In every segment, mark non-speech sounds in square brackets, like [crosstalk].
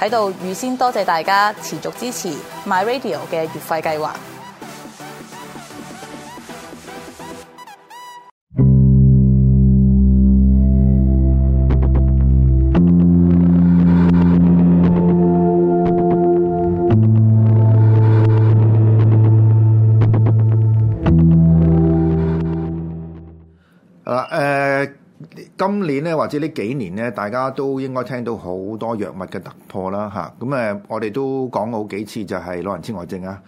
喺度預先多謝大家持續支持 MyRadio 嘅月費計劃。今年咧，或者呢幾年咧，大家都應該聽到好多藥物嘅突破啦。嚇咁誒，我哋都講好幾次就係老人痴呆症啊。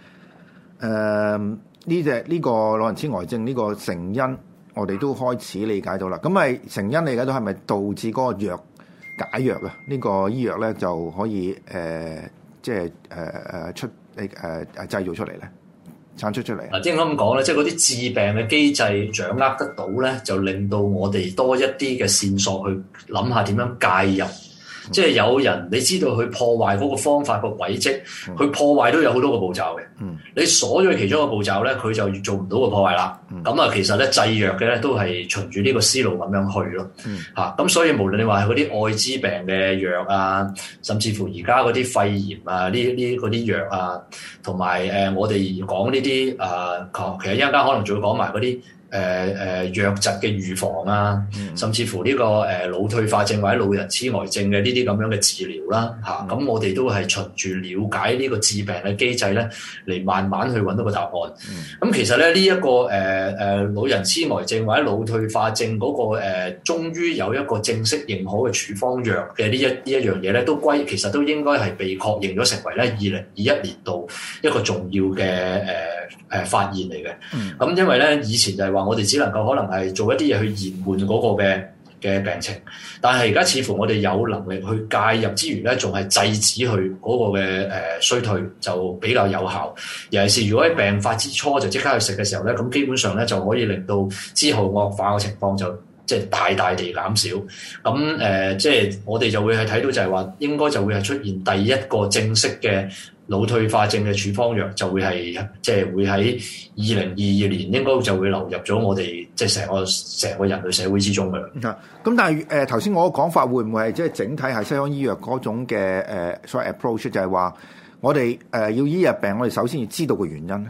誒呢隻呢個老人痴呆症呢個成因，我哋都開始理解到啦。咁係成因，你理解到都係咪導致嗰個藥解藥啊？呢個醫藥咧就可以誒、呃，即係誒誒出誒誒、呃、製造出嚟咧。產出出嚟嗱，即係我咁講咧，即係嗰啲致病嘅機制掌握得到咧，就令到我哋多一啲嘅線索去諗下點樣介入。即係有人，你知道佢破壞嗰個方法個軌跡，佢、嗯、破壞都有好多個步驟嘅。嗯、你鎖咗其中一個步驟咧，佢就做唔到個破壞啦。咁啊、嗯，其實咧製藥嘅咧都係循住呢個思路咁樣去咯。嚇、嗯，咁、啊、所以無論你話係嗰啲愛滋病嘅藥啊，甚至乎而家嗰啲肺炎啊，呢呢啲藥啊，同埋誒我哋講呢啲啊，其實一陣間可能仲會講埋嗰啲。誒誒、呃、瘧疾嘅預防啊，嗯、甚至乎呢、這個誒腦、呃、退化症或者老人痴呆、呃、症嘅呢啲咁樣嘅治療啦，嚇、啊、咁我哋都係循住了解個致呢個致病嘅機制咧，嚟慢慢去揾到個答案。咁、嗯、其實咧，呢、這、一個誒誒、呃、老人痴呆、呃、症或者腦退化症嗰、那個誒，終、呃、於有一個正式認可嘅處方藥嘅呢一呢一樣嘢咧，都歸其實都應該係被確認咗成為咧二零二一年度一個重要嘅誒。誒、呃、發現嚟嘅，咁、嗯、因為咧以前就係話我哋只能夠可能係做一啲嘢去延緩嗰個嘅嘅病情，但係而家似乎我哋有能力去介入之餘咧，仲係制止佢嗰個嘅誒、呃、衰退就比較有效。尤其是如果喺病發之初就即刻去食嘅時候咧，咁、嗯、基本上咧就可以令到之後惡化嘅情況就即係、就是、大大地減少。咁、嗯、誒、呃，即係我哋就會係睇到就係話應該就會係出現第一個正式嘅。腦退化症嘅處方藥就會係，即係會喺二零二二年應該就會流入咗我哋即係成個成個人類社會之中嘅、嗯。咁、嗯、但係誒頭先我嘅講法會唔會係即係整體係西方醫藥嗰種嘅誒、呃、所謂 approach 就係話我哋誒、呃、要醫治病，我哋首先要知道個原因咧。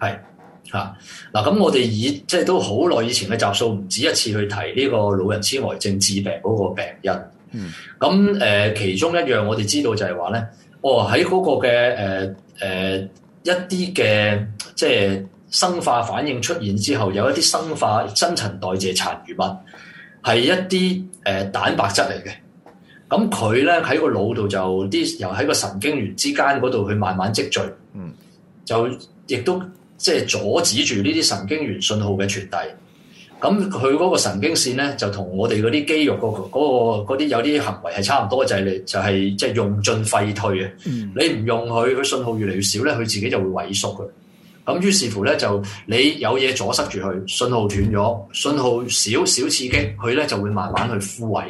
係吓嗱，咁、啊、我哋以即係都好耐以前嘅集數唔止一次去提呢個老人痴呆症治病嗰個病因、嗯嗯。嗯。咁、呃、誒，其中一樣我哋知道就係話咧。哦，喺嗰個嘅誒誒一啲嘅即係生化反應出現之後，有一啲生化新陳代謝殘餘物係一啲誒、呃、蛋白質嚟嘅，咁佢咧喺個腦度就啲由喺個神經元之間嗰度去慢慢積聚，嗯，就亦都即係阻止住呢啲神經元信號嘅傳遞。咁佢嗰個神經線咧，就同我哋嗰啲肌肉、嗰個、嗰個嗰啲有啲行為係差唔多，就係、是嗯、你就係即係用進廢退啊！你唔用佢，佢信號越嚟越少咧，佢自己就會萎縮嘅。咁於是乎咧，就你有嘢阻塞住佢，信號斷咗，信號少少刺激，佢咧就會慢慢去枯萎。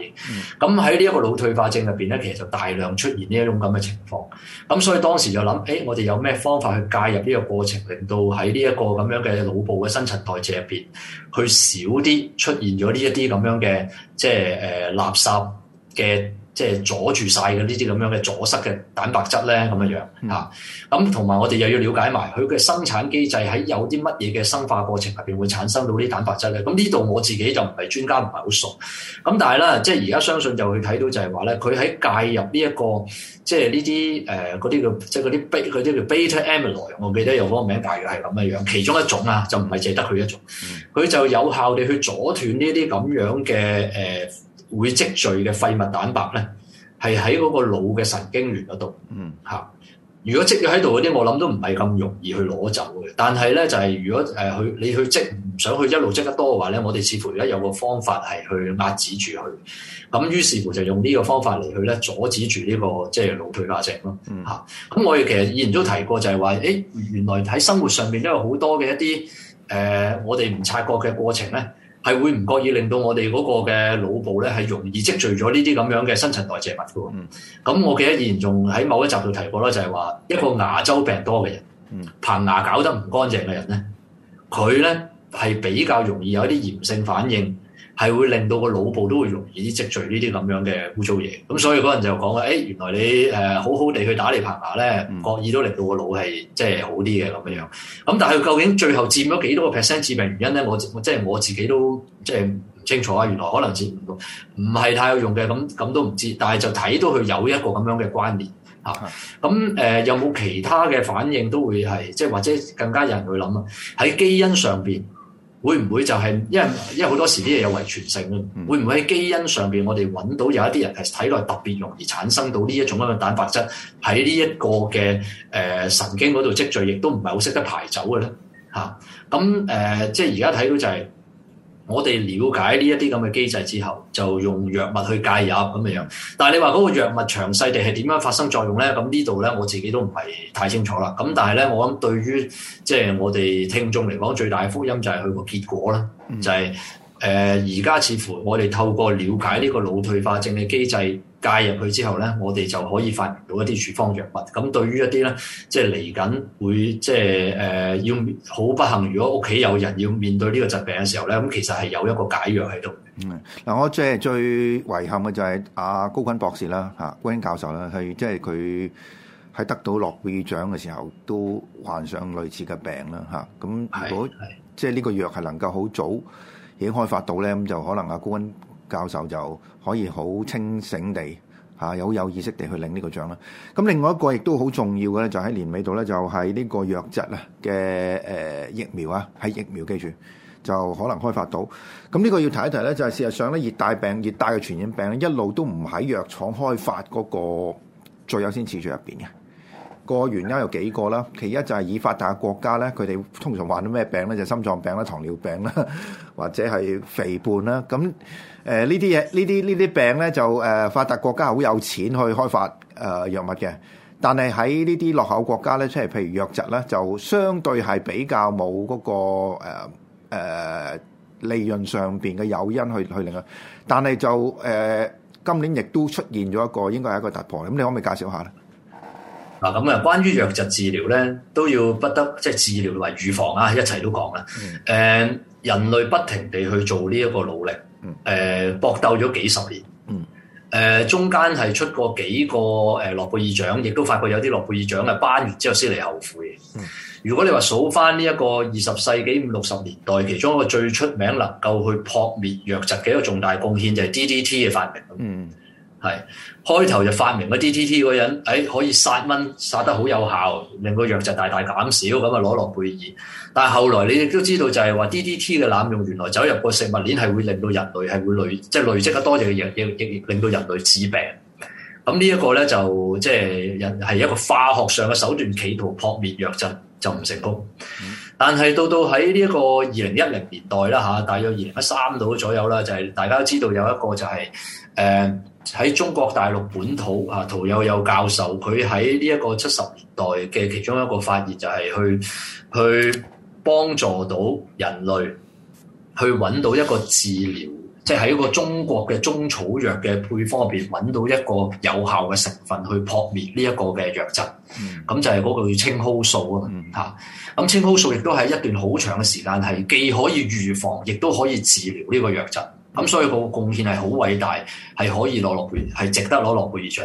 咁喺呢一個腦退化症入邊咧，其實就大量出現呢一種咁嘅情況。咁所以當時就諗，誒，我哋有咩方法去介入呢個過程，令到喺呢一個咁樣嘅腦部嘅新陳代謝入邊，去少啲出現咗呢一啲咁樣嘅即係誒、呃、垃圾嘅。即係阻住晒嘅呢啲咁樣嘅阻塞嘅蛋白質咧，咁樣樣嚇。咁同埋我哋又要了解埋佢嘅生產機制，喺有啲乜嘢嘅生化過程入邊會產生到啲蛋白質咧。咁呢度我自己就唔係專家，唔係好熟。咁但係咧，即係而家相信就會睇到就係話咧，佢喺介入呢、這、一個、就是呃、即係呢啲誒啲叫即係嗰啲 beta beta amyloid，我記得有個名大約係咁嘅樣，其中一種啊，就唔係淨得佢一種，佢就有效地去阻斷呢啲咁樣嘅誒。呃會積聚嘅廢物蛋白咧，係喺嗰個腦嘅神經元嗰度。嗯，嚇，如果積聚喺度嗰啲，我諗都唔係咁容易去攞走嘅。但係咧，就係、是、如果誒去、呃、你去積唔想去一路積得多嘅話咧，我哋似乎而家有個方法係去壓止住佢。咁於是乎就用呢個方法嚟去咧阻止住呢、這個即係腦退化症咯。嚇、嗯，咁、啊、我哋其實以前都提過就，就係話誒，原來喺生活上面都有好多嘅一啲誒、呃，我哋唔察覺嘅過程咧。係會唔覺意令到我哋嗰個嘅腦部咧，係容易積聚咗呢啲咁樣嘅新陳代謝物㗎喎。咁、嗯、我記得以前仲喺某一集度提過啦，就係話一個牙周病多嘅人，棚、嗯、牙搞得唔乾淨嘅人咧，佢咧係比較容易有啲炎性反應。係會令到個腦部都會容易積聚呢啲咁樣嘅污糟嘢，咁所以嗰人就講啊、哎，原來你誒好好地去打理棚牙咧，唔覺意都令到個腦係即係好啲嘅咁樣樣。咁但係佢究竟最後佔咗幾多個 percent 致命原因咧？我我即係我自己都即係唔清楚啊。原來可能佔唔到，唔係太有用嘅，咁咁都唔知。但係就睇到佢有一個咁樣嘅關聯嚇。咁誒、呃、有冇其他嘅反應都會係即係或者更加有人會諗啊？喺基因上邊。會唔會就係因為因為好多時啲嘢有遺傳性啊？會唔會喺基因上邊我哋揾到有一啲人係體內特別容易產生到呢一種咁嘅蛋白質喺呢一個嘅誒神經嗰度積聚，亦都唔係好識得排走嘅咧？嚇咁誒，即係而家睇到就係。我哋了解呢一啲咁嘅機制之後，就用藥物去介入咁樣樣。但係你話嗰個藥物詳細地係點樣發生作用咧？咁呢度咧我自己都唔係太清楚啦。咁但係咧，我諗對於即係、就是、我哋聽眾嚟講，最大嘅福音就係佢個結果啦。嗯、就係、是、誒，而、呃、家似乎我哋透過了解呢個腦退化症嘅機制。介入去之後咧，我哋就可以發明到一啲處方藥物。咁對於一啲咧，即係嚟緊會即係誒、呃、要好不幸，如果屋企有人要面對呢個疾病嘅時候咧，咁其實係有一個解藥喺度、嗯。嗯，嗱，我即係最遺憾嘅就係阿、啊、高君博士啦，嚇、啊，高錕教授啦，係即係佢喺得到諾貝爾獎嘅時候都患上類似嘅病啦，嚇、啊。咁如果即係呢個藥係能夠好早已經開發到咧，咁就可能阿、啊、高錕。教授就可以好清醒地嚇，有好有意識地去領呢個獎啦。咁另外一個亦都好重要嘅咧，就喺年尾度咧，就係呢個瘧疾啊嘅誒疫苗啊，喺疫苗基礎就可能開發到。咁、這、呢個要提一提咧，就係事實上咧，熱帶病、熱帶嘅傳染病咧，一路都唔喺藥廠開發嗰個最優先次序入邊嘅。個原因有幾個啦，其一就係以發達，就係呃就呃、發達國家咧，佢哋通常患咗咩病咧？就心臟病啦、糖尿病啦，或者係肥胖啦。咁誒呢啲嘢，呢啲呢啲病咧，就誒發達國家好有錢去開發誒、呃、藥物嘅。但係喺呢啲落後國家咧，即係譬如瘧疾咧，就相對係比較冇嗰、嗰個誒、呃、利潤上邊嘅誘因去去令，但係就誒、呃、今年亦都出現咗一個應該係一個突破。咁你可唔可以介紹下咧？嗱咁啊，關於瘧疾治療咧，都要不得，即係治療同埋預防啊，一齊都講啊。誒，人類不停地去做呢一個努力，誒搏鬥咗幾十年，誒中間係出過幾個誒諾貝爾獎，亦都發覺有啲諾貝爾獎啊，頒完之後先嚟後悔。如果你話數翻呢一個二十世紀五六十年代，其中一個最出名能夠去撲滅瘧疾嘅一個重大貢獻，就係 DDT 嘅發明。嗯。係開頭就發明個 DDT 嗰人、哎，可以殺蚊殺得好有效，令個瘧疾大大減少，咁啊攞諾貝爾。但係後來你亦都知道，就係話 DDT 嘅濫用，原來走入個食物鏈，係會令到人類係會累即係、就是、累積得多嘅藥，亦亦令到人類致病。咁呢一個咧就即係係一個化學上嘅手段，企圖撲滅瘧疾就唔成功。但係到到喺呢一個二零一零年代啦嚇、啊，大約二零一三度左右啦，就係、是、大家都知道有一個就係、是、誒。呃喺中國大陸本土啊，屠呦呦教授佢喺呢一個七十年代嘅其中一個發現就係去去幫助到人類去揾到一個治療，即係喺一個中國嘅中草藥嘅配方入邊揾到一個有效嘅成分去撲滅呢一個嘅瘧疾。咁、嗯、就係嗰個叫青蒿素啊嘛嚇。咁青蒿素亦都係一段好長嘅時間，係既可以預防，亦都可以治療呢個瘧疾。咁、嗯、所以個貢獻係好偉大，係可以攞諾貝爾，係值得攞諾貝爾獎。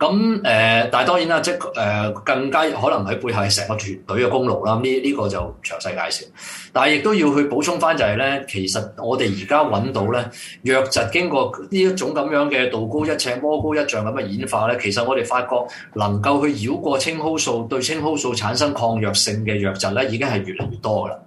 咁、嗯、誒，但係當然啦，即係誒、呃、更加可能喺背後係成個團隊嘅功勞啦。呢、這、呢、個這個就詳細介紹。但係亦都要去補充翻就係咧，其實我哋而家揾到咧瘧疾經過呢一種咁樣嘅道高一尺魔高一丈咁嘅演化咧，其實我哋發覺能夠去繞過青蒿素對青蒿素產生抗藥性嘅瘧疾咧，已經係越嚟越多㗎啦。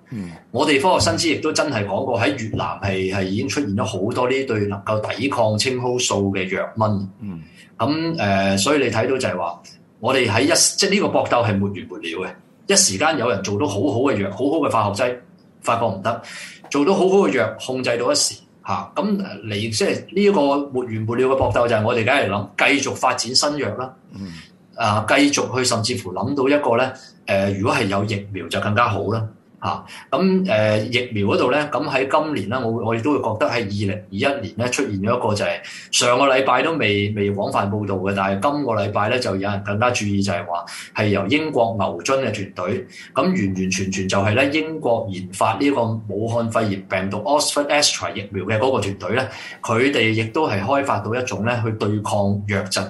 我哋科學新知亦都真係講過，喺越南係係已經出現咗好多呢對能夠抵抗青蒿素嘅瘧蚊。嗯，咁誒，所以你睇到就係話，我哋喺一即係呢個搏鬥係沒完沒了嘅。一時間有人做到好好嘅藥，好好嘅化學劑，發覺唔得，做到好好嘅藥，控制到一時吓，咁嚟即係呢一個沒完沒了嘅搏鬥，就係我哋梗係諗繼續發展新藥啦。嗯，啊，啊，繼續去甚至乎諗到一個咧，誒，如果係有疫苗就更加好啦，啊。嚇！咁誒、啊呃、疫苗嗰度咧，咁喺今年咧，我我哋都會覺得喺二零二一年咧出現咗一個就係、是、上個禮拜都未未廣泛報道嘅，但係今個禮拜咧就有人更加注意就，就係話係由英國牛津嘅團隊，咁完完全全就係咧英國研發呢個武漢肺炎病毒 Oxford-Astra 疫苗嘅嗰個團隊咧，佢哋亦都係開發到一種咧去對抗瘧疾誒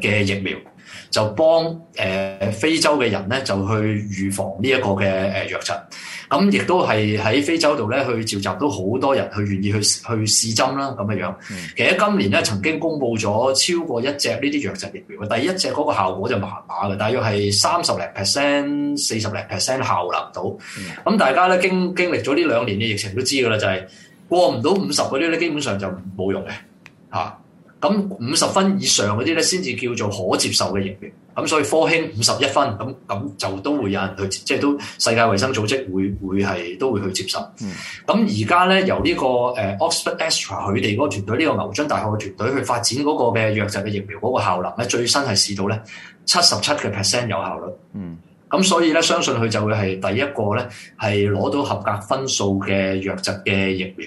嘅、呃、疫苗。就幫誒、呃、非洲嘅人咧，就去預防呢一個嘅誒、呃、瘧疾。咁亦都係喺非洲度咧，去召集到好多人去願意去去試針啦咁樣樣。其實今年咧，曾經公布咗超過一隻呢啲瘧疾疫苗，第一隻嗰個效果就麻麻嘅，大約係三十零 percent、四十零 percent 效能到。咁、嗯、大家咧經經歷咗呢兩年嘅疫情都知嘅啦，就係、是、過唔到五十嗰啲咧，基本上就冇用嘅嚇。啊咁五十分以上嗰啲咧，先至叫做可接受嘅疫苗。咁所以科興五十一分，咁咁就都會有人去接，即係都世界衞生組織會會係都會去接受。咁而家咧由呢個誒 Oxford Extra 佢哋嗰個團隊，呢個牛津大學嘅團隊去發展嗰個嘅瘧疾嘅疫苗，嗰個效能咧最新係試到咧七十七嘅 percent 有效率。嗯，咁所以咧相信佢就會係第一個咧係攞到合格分數嘅瘧疾嘅疫苗。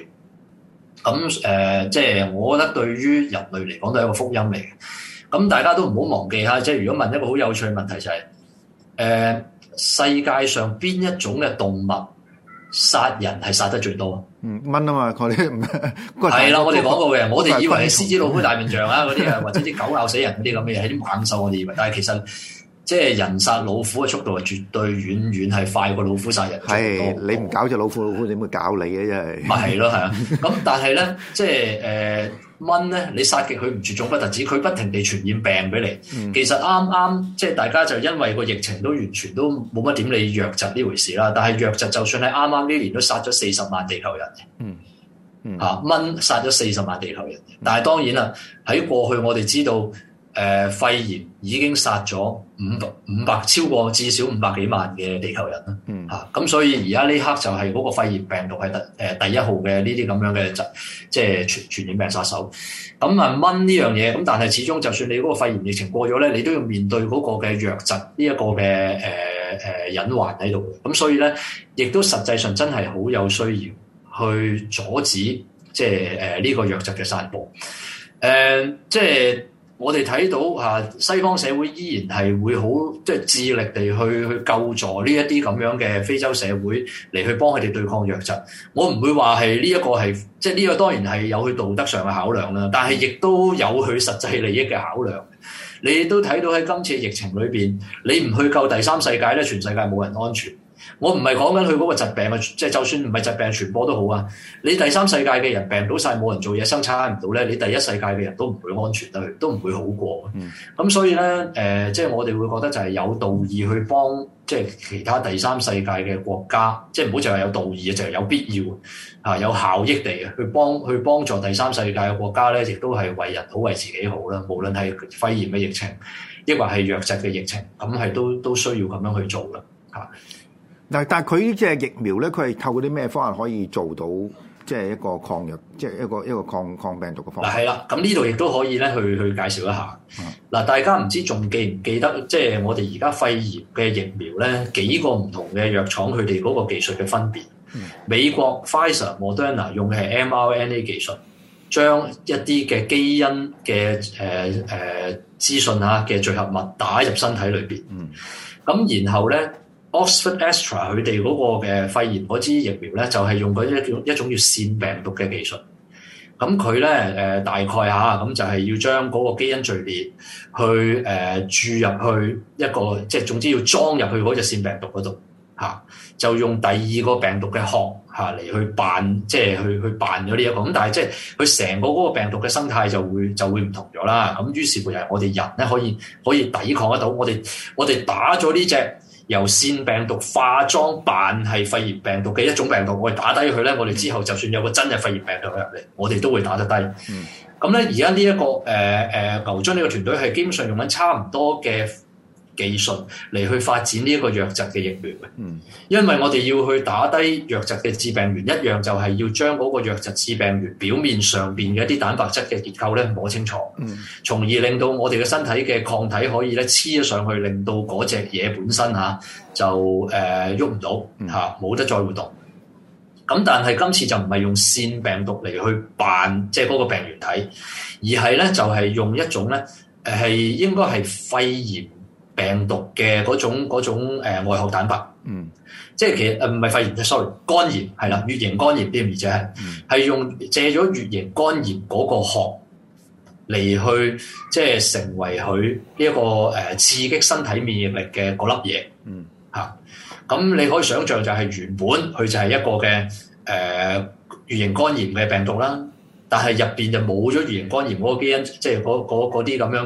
咁誒，即係、嗯就是、我覺得對於人類嚟講都係一個福音嚟嘅。咁大家都唔好忘記吓，即、就、係、是、如果問一個好有趣嘅問題就係、是：誒、呃，世界上邊一種嘅動物殺人係殺得最多啊？蚊啊嘛，嗰啲係啦，我哋講過嘅，我哋以為係獅子老虎大面象啊嗰啲啊， [laughs] 或者啲狗咬死人嗰啲咁嘅嘢，係啲猛獸我哋以為，但係其實。即係人殺老虎嘅速度，絕對遠遠係快過老虎殺人唉。係你唔搞隻老虎，老虎點會搞你嘅？真係咪係咯？嚇！咁但係咧，即係誒、呃、蚊咧，你殺極佢唔絕種，不特止佢不停地傳染病俾你。嗯、其實啱啱即係大家就因為個疫情都完全都冇乜點理瘧疾呢回事啦。但係瘧疾就算係啱啱呢年都殺咗四十萬地球人。嗯，嚇、嗯啊、蚊殺咗四十萬地球人。但係當然啦，喺過去我哋知道。誒、呃、肺炎已經殺咗五百五百超過至少五百幾萬嘅地球人啦，嚇、嗯！咁、啊、所以而家呢刻就係嗰個肺炎病毒係第誒第一號嘅呢啲咁樣嘅疾，即係傳傳染病殺手。咁啊蚊呢樣嘢，咁但係始終就算你嗰個肺炎疫情過咗咧，你都要面對嗰個嘅瘧疾呢一個嘅誒誒隱患喺度。咁、嗯、所以咧，亦都實際上真係好有需要去阻止即係誒呢個瘧疾嘅散播。誒、呃、即係。我哋睇到啊，西方社會依然係會好，即係致力地去去救助呢一啲咁樣嘅非洲社會嚟去幫佢哋對抗瘧疾。我唔會話係呢一個係，即係呢個當然係有佢道德上嘅考量啦，但係亦都有佢實際利益嘅考量。你都睇到喺今次疫情裏邊，你唔去救第三世界咧，全世界冇人安全。我唔係講緊佢嗰個疾病啊，即係就算唔係疾病傳播都好啊。你第三世界嘅人病到晒，冇人做嘢生產唔到咧，你第一世界嘅人都唔會安全得，都唔會好過。咁，嗯，所以咧，誒、呃，即係我哋會覺得就係有道義去幫即係其他第三世界嘅國家，即係唔好淨係有道義，就係有必要啊，有效益地去幫去幫助第三世界嘅國家咧，亦都係為人好，為自己好啦。無論係肺炎嘅疫情，抑或係瘧疾嘅疫情，咁係都都需要咁樣去做啦，嚇、啊。但係佢呢隻疫苗咧，佢係透過啲咩方法可以做到即係一個抗藥，即係一個一個抗抗病毒嘅方法。係啦，咁呢度亦都可以咧，去去介紹一下。嗱、嗯，大家唔知仲記唔記得，即係我哋而家肺炎嘅疫苗咧，幾個唔同嘅藥廠佢哋嗰個技術嘅分別。嗯、美國 Pfizer、Moderna 用嘅係 mRNA 技術，將一啲嘅基因嘅誒誒資訊嚇嘅聚合物打入身體裏邊。咁、嗯、然後咧。Oxford Astra 佢哋嗰個嘅肺炎嗰支疫苗咧，就係、是、用佢一一種叫腺病毒嘅技術。咁佢咧誒，大概嚇、啊、咁就係要將嗰個基因序列去誒、呃、注入去一個，即係總之要裝入去嗰隻腺病毒嗰度嚇，就用第二個病毒嘅殼嚇嚟、啊、去扮，即係去去扮咗呢一個。咁但係即係佢成個嗰個病毒嘅生態就會就會唔同咗啦。咁於是乎又係我哋人咧可以可以抵抗得到我哋我哋打咗呢隻。由腺病毒化妝扮係肺炎病毒嘅一種病毒，我哋打低佢咧，我哋之後就算有個真嘅肺炎病毒入嚟，我哋都會打得低。咁咧、嗯，而家呢一、這個誒誒、呃、牛津呢個團隊係基本上用緊差唔多嘅。技術嚟去發展呢一個瘧疾嘅疫苗嘅，因為我哋要去打低瘧疾嘅致病源一樣，就係要將嗰個瘧疾致病源表面上邊嘅一啲蛋白質嘅結構咧摸清楚，從而令到我哋嘅身體嘅抗體可以咧黐咗上去，令到嗰隻嘢本身嚇、啊、就誒喐唔到嚇，冇、呃啊、得再活動。咁但係今次就唔係用腺病毒嚟去扮即係嗰個病原體，而係咧就係、是、用一種咧誒係應該係肺炎。病毒嘅嗰種嗰種誒外殼蛋白，嗯，即係其實唔係肺炎，sorry，肝炎係啦，乙型肝炎啲，而且係係用借咗乙型肝炎嗰個殼嚟去即係成為佢呢一個誒、呃、刺激身體免疫力嘅嗰粒嘢，嗯，嚇、啊，咁你可以想象就係原本佢就係一個嘅誒乙型肝炎嘅病毒啦。但係入邊就冇咗乙型肝炎嗰個基因，即係嗰啲咁樣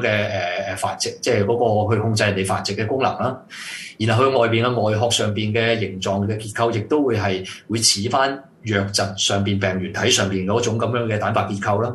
嘅誒誒繁殖，即係嗰個去控制人哋繁殖嘅功能啦。然後佢外邊嘅外殼上邊嘅形狀嘅結構，亦都會係會似翻瘧疾上邊病原體上邊嗰種咁樣嘅蛋白結構啦。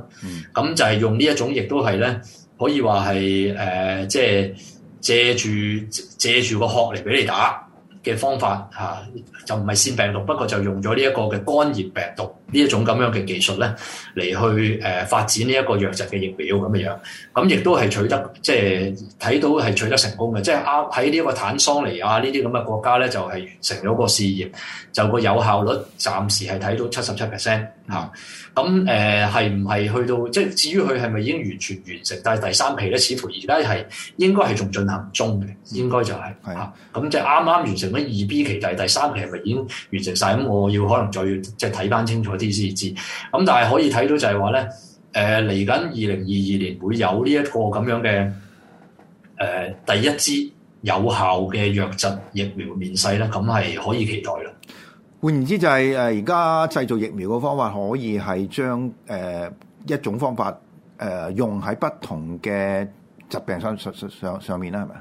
咁、嗯、就係用呢一種，亦都係咧，可以話係誒，即、呃、係、就是、借住借住個殼嚟俾你打嘅方法嚇、啊，就唔係腺病毒，不過就用咗呢一個嘅肝炎病毒。呢一種咁樣嘅技術咧，嚟去誒、呃、發展呢一個瘧疾嘅疫苗咁嘅樣，咁亦都係取得即係睇到係取得成功嘅，即係喺呢個坦桑尼亞呢啲咁嘅國家咧，就係、是、完成咗個試驗，就個有效率暫時係睇到七十七 percent 嚇。咁誒係唔係去到即係至於佢係咪已經完全完成？但係第三期咧，似乎而家係應該係仲進行中嘅，應該就係、是、嚇。咁是的、啊、即係啱啱完成咗二 B 期，但係第三期係咪已經完成晒？咁我要可能再要即係睇翻清楚啲咁但係可以睇到就係話咧，誒嚟緊二零二二年會有呢一個咁樣嘅誒、呃、第一支有效嘅瘧疾疫苗面世咧，咁係可以期待啦。換言之，就係誒而家製造疫苗嘅方法可以係將誒一種方法誒、呃、用喺不同嘅疾病上上上上，上面啦，係咪？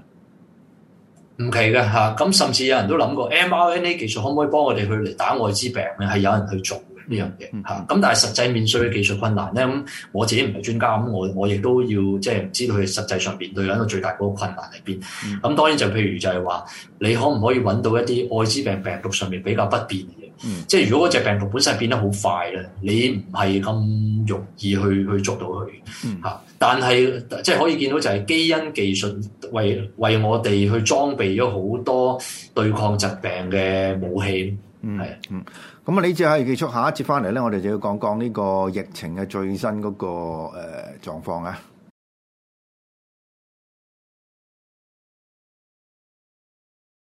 唔奇嘅吓，咁、啊、甚至有人都諗過 mRNA 技術可唔可以幫我哋去嚟打愛滋病咧？係有人去做。呢樣嘢嚇，咁、嗯、但係實際面對嘅技術困難咧。咁我自己唔係專家，咁我我亦都要即係唔知道佢實際上面對緊個最大嗰個困難喺邊。咁、嗯、當然就譬如就係話，你可唔可以揾到一啲愛滋病病毒上面比較不變嘅嘢？嗯、即係如果嗰隻病毒本身係變得好快咧，你唔係咁容易去去捉到佢嚇。嗯、但係即係可以見到就係基因技術為為我哋去裝備咗好多對抗疾病嘅武器。是嗯，嗯，咁啊呢節可以結束，下一節翻嚟咧，我哋就要講講呢個疫情嘅最新嗰、那個誒、呃、狀況啊。